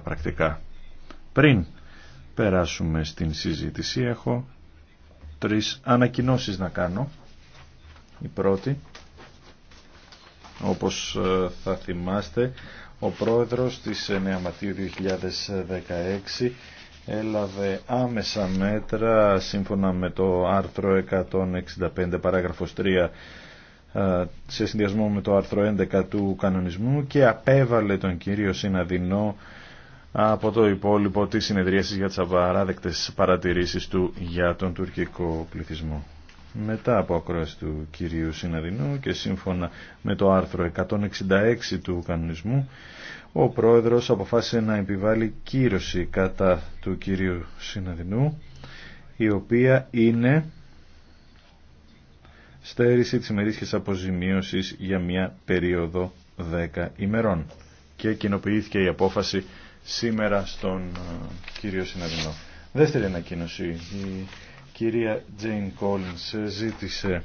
πρακτικά. Πριν περάσουμε στην συζήτηση έχω τρεις ανακοινώσεις να κάνω. Η πρώτη, όπως ε, θα θυμάστε, ο πρόεδρος της 9 2016 έλαβε άμεσα μέτρα σύμφωνα με το άρθρο 165 παράγραφος 3 ε, σε συνδυασμό με το άρθρο 11 του κανονισμού και απέβαλε τον κύριο Συναδεινό από το υπόλοιπο της συνεδρίασης για τις απαράδεκτες παρατηρήσεις του για τον τουρκικό πληθυσμό. Μετά από ακρόαση του κυρίου Συναδεινού και σύμφωνα με το άρθρο 166 του κανονισμού, ο πρόεδρος αποφάσισε να επιβάλει κύρωση κατά του κυρίου Συναδεινού, η οποία είναι στέρηση της μερίσχες αποζημίωσης για μια περίοδο 10 ημερών και κοινοποιήθηκε η απόφαση σήμερα στον ε, κύριο Συναδεινό. Δεύτερη ανακοίνωση. Η κυρία Τζέιν Κόλινς ζήτησε